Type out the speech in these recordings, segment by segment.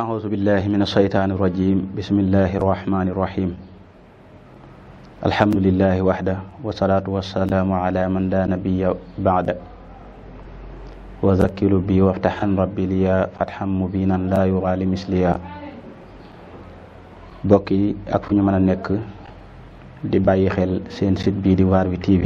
أعوذ بالله من الشيطان الرجيم بسم الله الرحمن الرحيم الحمد لله وحده والصلاة والسلام على من لا نبي بعد وذكر بي وافتحا ربي ليا فتحا مبينا لا يغالي مثليا bokk yi ak fu ñu mën a nekk di bàyyi xel seen site bii di waar wi tv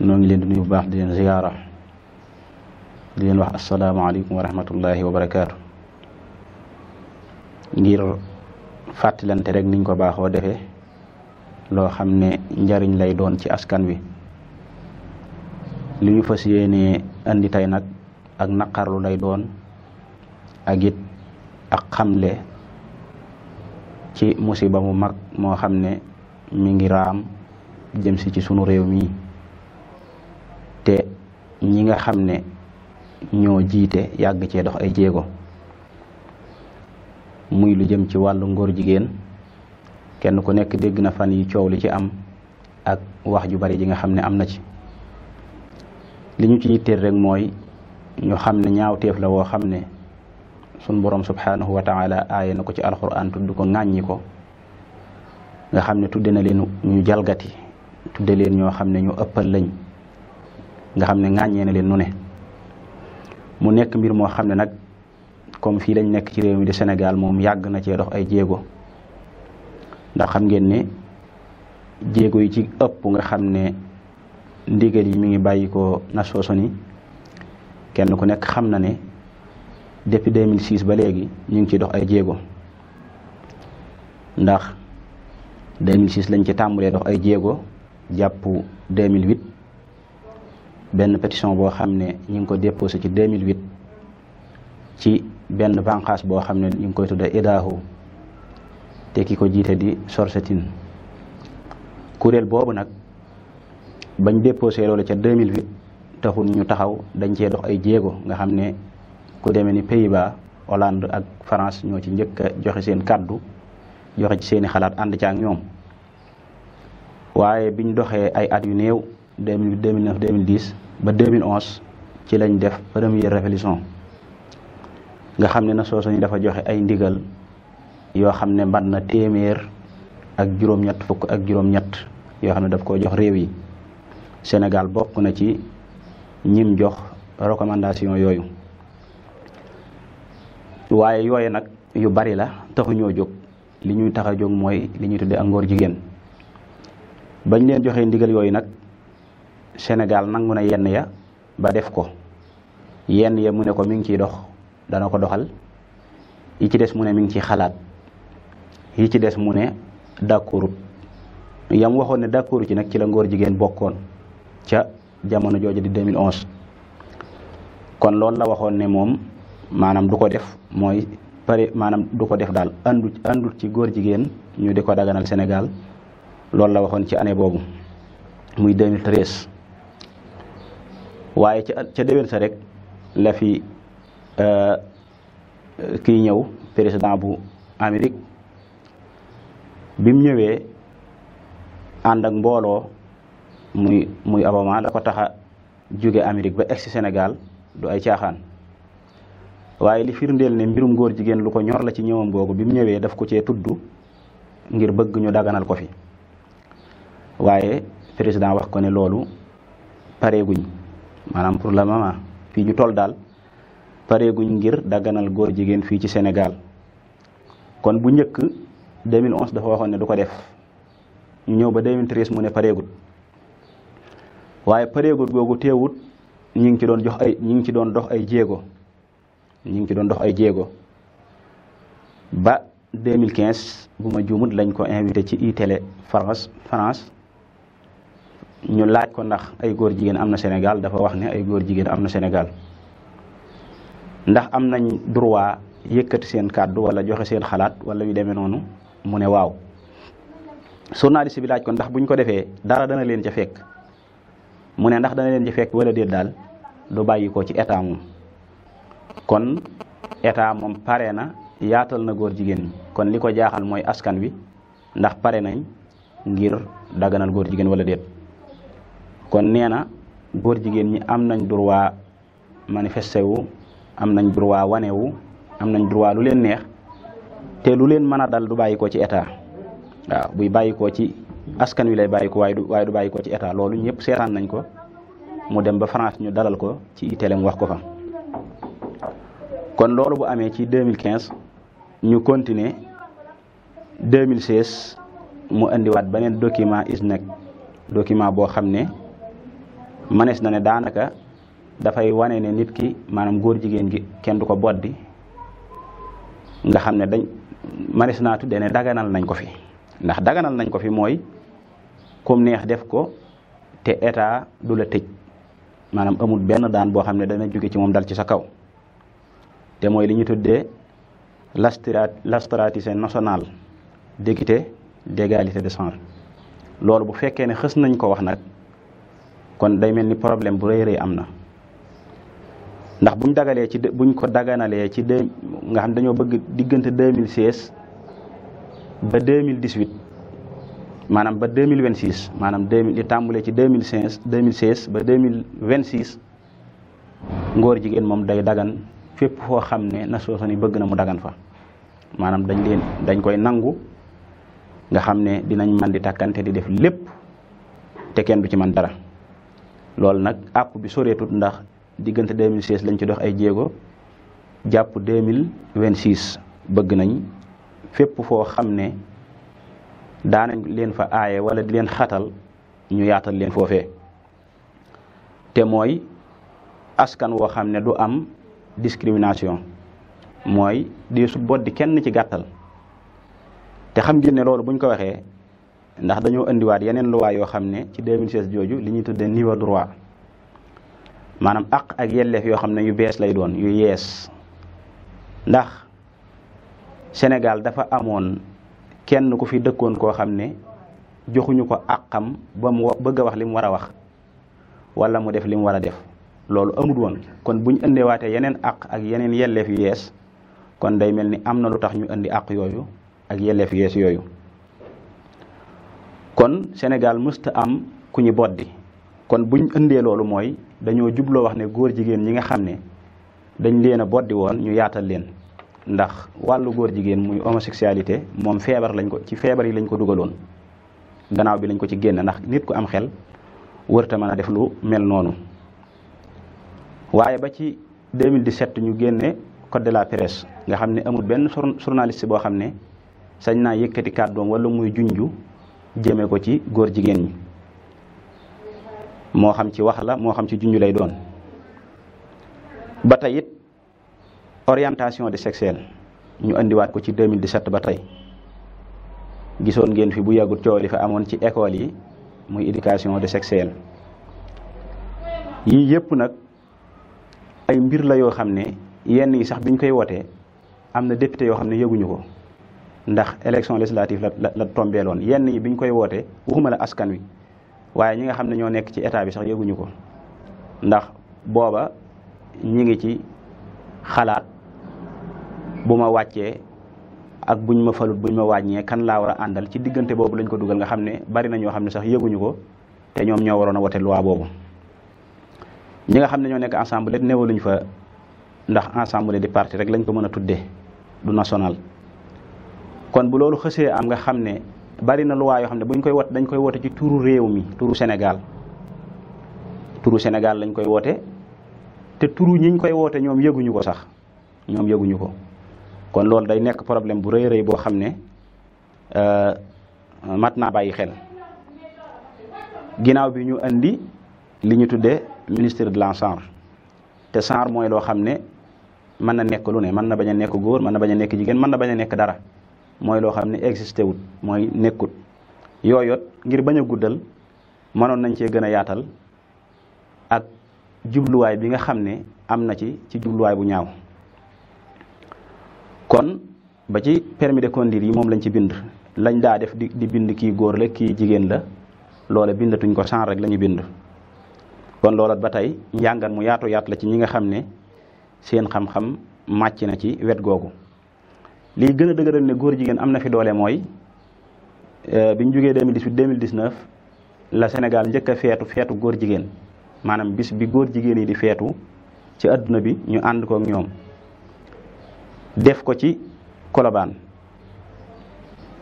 noo ngi leen di nuyu bu baax di leen ziyaara di leen wax asalaamaaleykum wa rahmatullahi wa barakaatu ngir fàttalante rekk niñ ko baaxoo defee loo xam ne njariñ lay doon ci askan wi lu ñu fas yéenee andi tey nag ak naqarlu lay doon ak it ak xamle ci musiba mu mag moo xam ne mi ngi raam jëm si ci sunu réew mi te ñi nga xam ne ñoo jiite yàgg cee dox ay jéego muy lu jëm ci wàllu ngóor jigéen kenn ku nekk dégg na fan yi coow li ci am ak wax ju bari ji nga xam ne am na ci li ñu ci yitteel rek mooy ñu xam ne teef la woo xam ne sun borom subhanahu wa taala aaye na ko ci alquran tudd ko ŋàññi ko nga xam ne tudde na leen ñu jalgati tudde leen ñoo xam ne ñu ëppal lañ nga xam ne ŋàññee na leen nu ne mu nekk mbir moo xam ne nag comme fii lañ nekk ci réew mi di Sénégal moom yàgg na cee dox ay jéego ndax xam ngeen ne jéego yi ci ëpp nga xam ne ndigal yi mi ngi bàyyi ko Nations kenn ku nekk xam na ne depuis 2006 ba léegi ñu ngi ci dox ay jéego ndax 2006 lañ ci tàmbalee dox ay jéego jàpp 2008 benn pétition boo xam ne ñu ngi ko déposé ci 2008 ci benn bànqaas boo xam ne ñu ngi koy tudde idaahu te ki ko jiite di sorsetin kuréel boobu nag bañ déposé loolu ca 2008 taxul ñu taxaw dañ cee dox ay jéego nga xam ne ku demee ni Pays-Bas Hollande ak France ñoo ci njëkk joxe seen kàddu joxe ci seeni xalaat ànd ca ak ñoom waaye biñ doxee ay at yu néew 2008 2009 2010 ba 2011 ci lañ def première révolution nga xam ne na soo ni dafa joxe ay ndigal yoo xam ne mbat na téeméer ak juróom-ñett fukk ak juróom-ñett yoo xam ne daf koo jox réew yi Sénégal bokk na ci ñim jox recommandation yooyu waaye yooyu nag yu bari la taxuñoo jóg li ñuy taxa jóg mooy li ñuy tudde ak ngóor jigéen bañ leen joxee ndigal yooyu nag Sénégal nangu na yenn ya ba def ko yenn ya mu ne ko mi ngi ciy dox dana ko doxal yi ci des mu ne mi ngi ci xalaat yi ci des mu ne d'accord yam waxoon ne d'accord ci nag ci la ngóor jigéen bokkoon ca jamono jooju di 2011 kon loolu la waxoon ne moom maanaam du ko def mooy pare maanaam du ko def daal andu andut ci góor jigéen ñu di ko daganal senegal loolu la waxoon ci année boobu muy waaye ca ca sa rek la Euh, kiy ñëw président bu Amérique bi mu ñëwee ànd ak mbooloo muy muy Obama la ko tax a jóge Amérique ba egsi Sénégal du ay caaxaan waaye li firndeel ne mbirum góor jigéen lu ko ñor la ci ñëwam googu bi mu ñëwee daf ko cee tudd ngir bëgg ñu daganal ko fi waaye président wax ko ne loolu pareeguñ maanaam pour le moment fii ñu toll daal pareeguñ ngir daganal góor jigéen fii ci Sénégal kon bu njëkk 2011 dafa waxoon ne du ko def ñu ñëw ba 2013 mu ne pareegut waaye pareegut googu teewut ñi ngi ci doon jox ay ñi ngi ci doon dox ay jéego ñi ngi ci doon dox ay jéego ba 2015 bu ma juumut lañ ko invité ci iTélé France France ñu laaj ko ndax ay góor jigéen am na Sénégal dafa wax ne ay góor jigéen am na Sénégal ndax am nañ droit yëkkati seen kàddu wala joxe seen xalaat wala yu demee noonu mu ne waaw journaliste bi laaj ko ndax buñ ko defee dara dana leen ca fekk mu ne ndax dana leen ca fekk wala déet daal du bàyyi ko ci état moom kon état moom pare na yaatal na góor jigéen ñi kon li ko jaaxal mooy askan wi ndax pare nañ ngir daganal góor jigéen wala déet kon nee na jigéen ñi am nañ droit manifesté wu am nañ droit wanewu am nañ droit lu leen neex te lu leen mën a dal du bàyyi ko ci état waaw buy bàyyi ko ci askan wi lay bàyyi ko waaye du waaye du bàyyi ko ci état loolu ñëpp seetaan nañ ko mu dem ba France ñu dalal ko ci itélém wax ko fa kon loolu bu amee ci 2015 ñu continuer 2016 mu indiwaat beneen document ISNEC document boo xam ne manees na ne daanaka dafay wane ne nit ki maanaam góor jigéen gi kenn du ko boddi nga xam ne dañ manis naa tuddee ne daganal nañ ko fi ndax daganal nañ ko fi mooy kum neex def ko te état du la tëj maanaam amul benn daan boo xam ne dana jóge ci moom dal ci sa kaw te mooy li ñu tudde lastrat l'astratisme national d'équité d'égalité de genre loolu bu fekkee ne xës nañ ko wax nag kon day mel ni problème bu rëy rëy am na ndax buñ dagalee ci buñ ko daganalee ci deux nga xam dañoo bëgg diggante 2016 ba 2018 maanaam ba 2026 maanaam 2000 li tàmbulee ci 2015 2016 ba 2026 ngóor jigéen moom day dagan fépp foo xam ne na soo bëgg na mu dagan fa maanaam dañ leen dañ koy nangu nga xam ne dinañ man di takkante di def lépp te kenn du ci man dara loolu nag àpp bi soreetut ndax diggante 2016 lañ ci dox ay jéego jàpp 2026 bëgg nañ fépp foo xam ne daanañ leen fa aaye wala di leen xatal ñu yaatal leen foofee te mooy askan woo xam ne du am discrimination mooy di su boddi kenn ci gàttal te xam ngeen ne loolu buñ ko waxee ndax dañoo indiwaat yeneen luwaa yoo xam ne ci 2016 jooju li ñuy tuddee niveau droit maanaam àq ak yelleef yoo xam ne yu bees lay doon yu yees ndax Sénégal dafa amoon kenn ku fi dëkkoon koo xam ne joxuñu ko àqam ba mu bëgg a wax li mu war a wax wala mu def li mu war a def loolu amut woon kon buñ indeewaatee yeneen àq ak yeneen yelleef yu yees kon day mel ni am na lu tax ñu indi àq yooyu ak yelleef yu yees yooyu kon Sénégal mësta am ku ñu boddi kon bu buñ indee loolu mooy dañoo jubloo wax ne góor jigéen ñi nga xam ne dañ leen a boddi woon ñu yaatal leen ndax wàllu góor jigéen muy homosexualité moom feebar lañ ko ci feebar yi lañ ko dugaloon gannaaw bi lañ ko ci génn ndax nit ko am xel wërta mën a def lu mel noonu waaye ba ci 2017 ñu génne code de la presse nga xam ne amul benn journaliste boo xam ne sañ naa yëkkati kàddoom wala muy junju jëme ko ci góor jigéen ñi moo xam ci wax la moo xam ci junj lay doon ba tey it orientation de sexuelle ñu indiwaat ko ci 2017 ba tey gisoon ngeen fi bu yàggut coow li fa amoon ci école yi muy éducation de sexuelle yii yëpp nag ay mbir la yoo xam ne yenn yi sax biñ koy wotee am na député yoo xam ne yëguñu ko ndax élection législative la la tombeeloon yenn yi biñ koy woote waxuma la askan wi waaye ñi nga xam ne ñoo nekk ci état bi sax yëguñu ko ndax booba ñi ngi ci xalaat bu ma wàccee ak buñ ma falut buñ ma wàññee kan laa war a àndal ci diggante boobu lañ ko dugal nga xam ne bari na ñoo xam ne sax yëguñu ko te ñoom ñoo waroon a wote loi boobu ñi nga xam ne ñoo nekk ensemble néewaluñ fa ndax ensemble di parti rek lañ ko mën a tuddee du national kon bu loolu xësee am nga xam ne bari na luwaa yoo xam ne buñ koy wat dañ koy woote ci turu réew mi turu Sénégal turu Sénégal lañ koy woote te turu ñiñ koy woote ñoom yëguñu ko sax ñoom yëguñu ko kon loolu day nekk problème bu rëy rëy boo xam ne euh, mat naa bàyyi xel ginnaaw bi ñu indi li ñu tudde ministre de l'ensemble te genre mooy loo xam ne man na nekk lu ne mën na bañ a nekk góor mën na bañ a nekk jigéen mën na bañ a nekk dara mooy loo xam ne existé wut mooy nekkut yooyot ngir bañ a guddal mënoon nañ cee gën a yaatal ak jubluwaay bi nga xam ne am na ci ci jubluwaay bu ñaaw kon ba ci permis de conduire yi moom lañ ci bind lañ daa def di bind kii góor la kii jigéen la loola bindatuñ ko sans rek la bind kon loola ba tey njàngan mu yaatu yaat la ci ñi nga xam ne seen xam-xam màcc na ci wet googu lii gën a ne góor jigéen am na fi doole mooy euh, bi ñu jógee 2018 2019 la Sénégal njëkk a feetu feetu góor jigéen maanaam bis bi góor jigéen yi di feetu ci àdduna bi ñu ànd ko ak ñoom def ko ci Colobane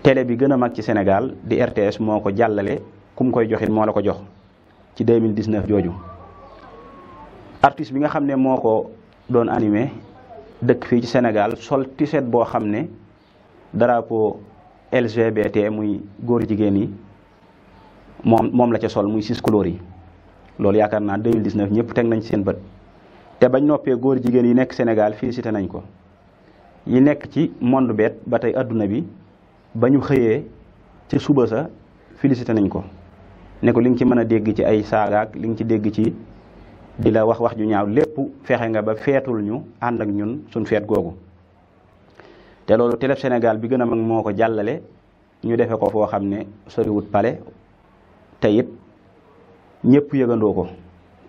télé bi gën a mag ci Sénégal di RTS moo ko jàllale ku koy joxit moo la ko jox ci 2019 jooju artiste bi nga xam ne moo ko doon anime dëkk fii ci senegal sol tiset boo xam ne drapeau LGBT muy góor jigéen yi moom moom la ca sol muy six couleurs yi loolu yaakaar naa 2019 ñëpp teg nañ seen bët te bañ noppee góor jigéen yi nekk senegal félicité nañ ko yi nekk ci monde beet ba tey àdduna bi ba ñu xëyee ci suba sa félicité nañ ko ne ko li nga ci mën a dégg ci ay saagaak li nga ci dégg ci di la wax wax ju ñaaw lépp fexe nga ba feetul ñu ànd ak ñun suñ feet googu te loolu Télé senegal bi gën a mag moo ko jàllale ñu defe ko foo xam ne soriwut pale te it ñëpp yëgandoo ko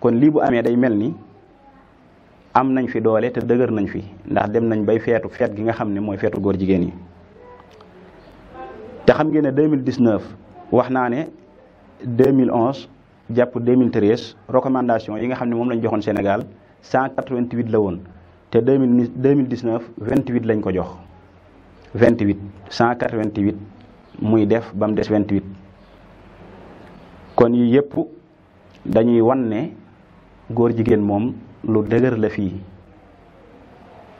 kon lii bu amee day mel ni am nañ fi doole te dëgër nañ fi ndax dem nañ bay feetu feet gi nga xam ne mooy feetu góor jigéen yi te xam ngeen ne 2019 wax naa ne jàpp 2013 recommandation yi nga xam ne moom lañ joxoon Sénégal 188 la woon te 2000 2019 28 lañ ko jox 28 188 muy def ba mu des 28 kon yii yépp dañuy wan ne góor jigéen moom lu dëgër la fii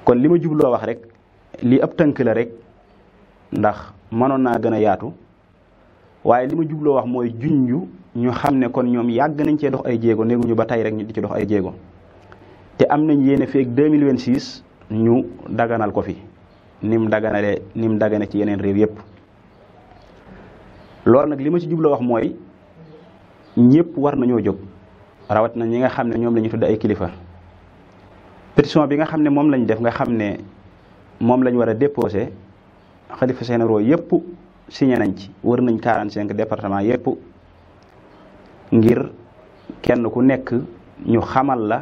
kon li ma jubloo wax rek li ab tënk la rek ndax mënoon naa gën a yaatu waaye li ma jubloo wax mooy junju ñu xam ne kon ñoom yàgg nañ cee dox ay jéego néeguñu ba tey rek ñu di ci dox ay jéego te am nañ yéene feeg 2026 ñu daganal ko fi nim daganale nim dagane ci yeneen réew yépp loolu nag li ma ci jubla wax mooy ñëpp war nañoo jóg rawat na ñi nga xam ne ñoom lañu ñu tudd ay kilifa pétition bi nga xam ne moom lañ def nga xam ne moom lañ war a déposé xalifa seen roo yépp signé nañ ci wër nañ 45 département yépp ngir kenn ku nekk ñu xamal la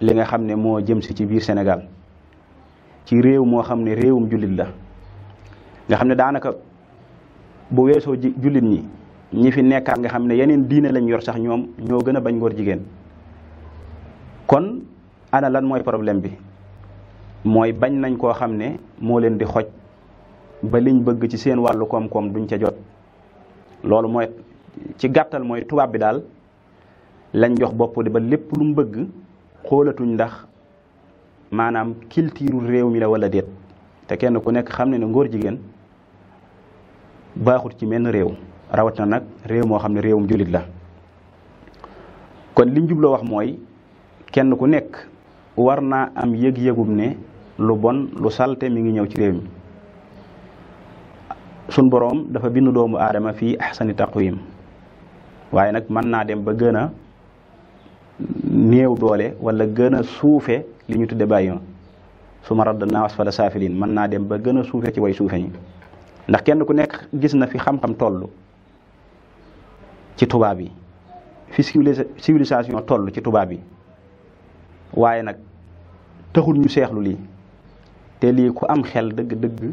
li nga xam ne moo jëm si ci biir senegal ci réew moo xam ne réewum jullit la nga xam ne daanaka bu weesoo ji jullit ñi ñi fi nekkaat nga xam ne yeneen diine lañ yor sax ñoom ñoo gën a bañ ngóor jigéen kon ana lan mooy problème bi mooy bañ nañ koo xam ne moo leen di xoj ba liñ bëgg ci seen wàllu koom-koom duñ ca jot loolu mooy ci gàttal mooy tubaab bi daal lañ jox bopp ba lépp lu mu bëgg xoolatuñ ndax maanaam culture réew mi la wala déet te kenn ku nekk xam ne ne ngóor jigéen baaxut ci menn réew rawatina nag réew moo xam ne réewum jullit la kon liñ jubloo wax mooy kenn ku nekk war naa am yëg-yëgum ne lu bon lu salte mi ngi ñëw ci réew mi sun boroom dafa bindu doomu aadama fii ahsani taqwim waaye nag mën naa dem ba gën a néew doole wala gën a suufe li ñu tudde bàyyi ma su ma radd naa asfala saafiliin mën naa dem ba gën a suufe ci way suufe ñi ndax kenn ku nekk gis na fi xam-xam toll ci tubaab yi fi civilisation toll ci tubaab yi waaye nag taxul ñu seexlu lii te lii ku am xel dëgg-dëgg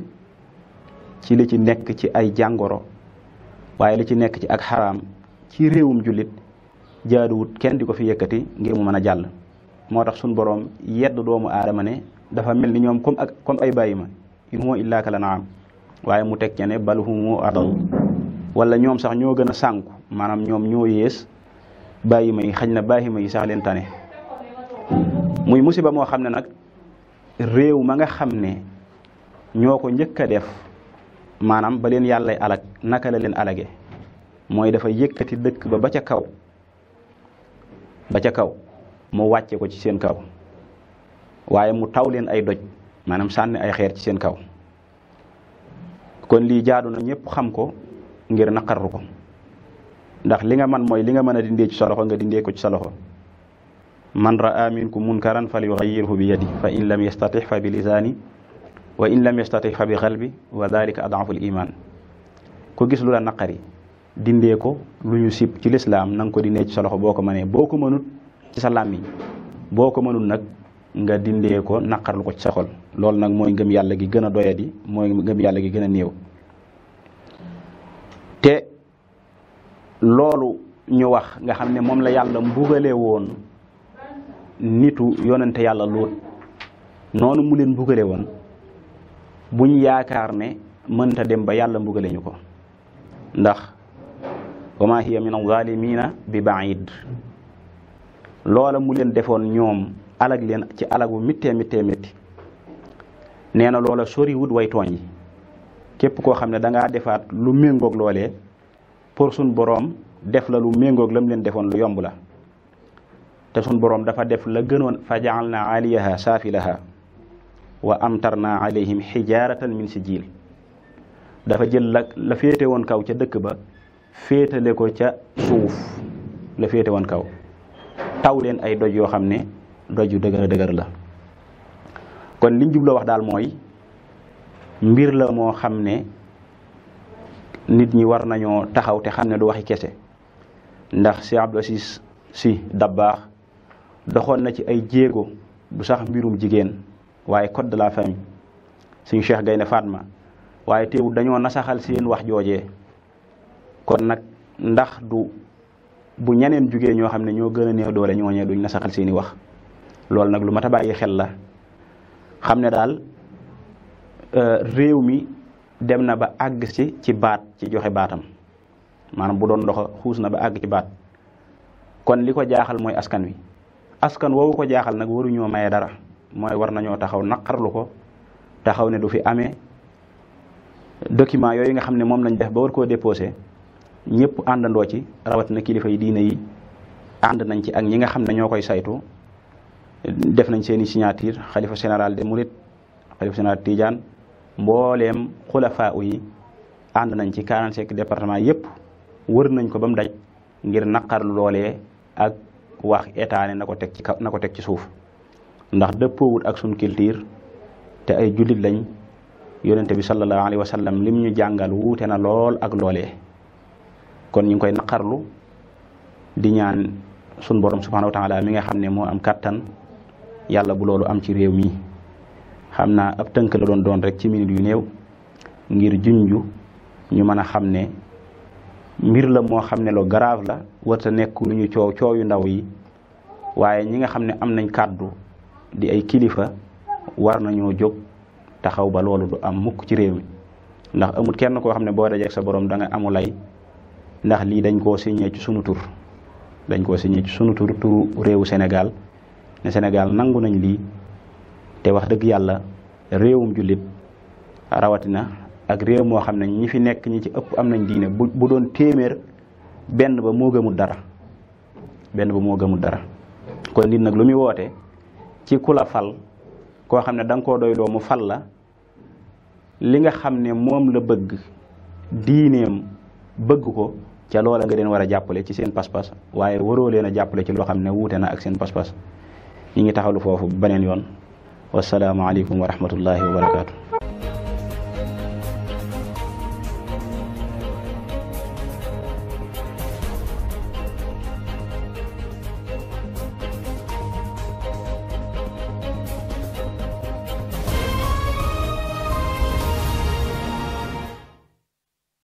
ci li ci nekk ci ay jàngoro waaye li ci nekk ci ak xaram ci réewum jullit jaaduwut kenn di ko fi yëkkati ngir mu mën a jàll moo tax suñ boroom yedd doomu aadama ne dafa mel ni ñoom kom ak comme ay bàyyi ma in huwa illaa kal an'aam waaye mu teg ca ne bal humu adal wala ñoom sax ñoo gën a sànku maanaam ñoom ñoo yées bàyyi ma yi xañ na bàyyi ma sax leen tane muy musiba moo xam ne nag réew ma nga xam ne ñoo ko njëkk a def maanaam ba leen yàllay alag naka la leen alage mooy dafa yëkkati dëkk ba ba ca kaw ba ca kaw mu wàcce ko ci seen kaw waaye mu taw leen ay doj maanaam sànni ay xeer ci seen kaw kon lii jaadu na ñëpp xam ko ngir naqarru ko ndax li nga man mooy li nga mën a dindee ci sa loxo nga dindee ko ci sa loxo man raa minkum munkaran falyughayyirhu bi yadi fa in lam yastatix fa bi lisaani wa in lam yastatix fa bi qalbi wa dalika adaful iman ku gis lu la naqari dindee ko lu ñu sib ci lislaam na nga ko dindee ci sa loxo boo ko mënee boo ko mënut ci sa làmmiñ boo ko mënut nag nga dindee ko naqarlu ko ci sa xol loolu nag mooy ngëm yàlla gi gën a doyadi mooy ngëm yàlla gi gën a néew te loolu ñu wax nga xam ne moom la yàlla mbugale woon nitu yonente yàlla lóot noonu mu leen mbugale woon buñ yaakaar ne mënta dem ba yàlla mbugale ñu ko ndax wa ma hiya min alzalimina bi baid loola mu leen defoon ñoom alag leen ci alag bu mittee mittee mitti nee na loola soriwut way tooñ yi képp koo xam ne dangaa defaat lu méngoog loole pour suñ boroom def la lu méngoog lam leen defoon lu yomb la te sun boroom dafa def la gënoon fa jaalna aliyaha saafilaha wa amtarna alayhim xijaaratan min sijil dafa jël la la féete woon kaw ca dëkk ba féetale ko ca suuf la féete woon kaw taw leen ay doj yoo xam ne doj yu dëgër dëgër la kon liñ jubloo wax daal mooy mbir la moo xam ne nit ñi war nañoo taxaw te xam ne du waxi kese ndax Cheikh Abdou Aziz Sy Dabakh doxoon na ci ay jéego du sax mbirum jigéen waaye code de la famille suñu Cheikh Gaynde Fatma waaye teewul dañoo nasaxal seen wax joojee kon nag ndax du bu ñeneen jugee ñoo xam ne ñoo gën a neex doole ñooñee duñ saxal seeni wax loolu nag lu mat bàyyi xel la xam ne daal euh, réew mi dem na ba àgg ci ci baat ci joxe baatam maanaam bu doon doxa xuus na ba àgg ci baat kon li ko jaaxal mooy askan wi askan woowu ko jaaxal nag waruñoo maye dara mooy war nañoo taxaw naqarlu ko taxaw ne du fi amee document yooyu nga xam ne moom lañ def ba war koo déposé ñëpp àndandoo ci rawatina kilifa yi diine yi ànd nañ ci ak ñi nga xam ne koy saytu def nañ seen i signature xalifa général de Mouride xalifa général Tidiane mbooleem xulafaa yi ànd nañ ci 45 département yëpp wër nañ ko ba mu daj ngir naqarlu loole ak wax état ne na ko teg ci na ko teg ci suuf ndax dëppoowut ak suñ culture te ay jullit lañ yonente bi sallallahu alayhi wa sallam lim ñu jàngal wuute na lool ak loolee. kon ñu ngi koy naqarlu di ñaan sun borom subhanahu wa taala mi nga xam ne moo am kàttan yàlla bu loolu am ci réew mi xam naa ab tënk la doon doon rek ci minute yu néew ngir junju ñu mën a xam ne mbir la moo xam ne lu grave la warta nekk lu ñu coow coow yu ndaw yi waaye ñi nga xam ne am nañ kàddu di ay kilifa war nañoo jóg taxaw ba loolu du am mukk ci réew mi ndax amul kenn koo xam ne boo dajee ak sa borom da amul amulay ndax lii dañ koo signé ci sunu tur dañ koo signé ci sunu tur turu réewu Sénégal ne Sénégal nangu nañ lii te wax dëgg yàlla réewum jullit rawatina ak réew moo xam ne ñi fi nekk ñi ci ëpp am nañ diine bu doon téeméer benn ba moo gëmul dara benn ba moo gëmul dara kon nit nag lu muy woote ci ku la fal koo xam ne da ko koo mu fal la li nga xam ne moom la bëgg diineem bëgg ko ca loola nga leen war a jàppale ci seen pas-pas waaye waroo leen a jàppale ci loo xam ne wuute na ak seen pas-pas ñi ngi taxalu foofu beneen yoon wasalaamaaleykum wa rahmatullahi wa barakaatu.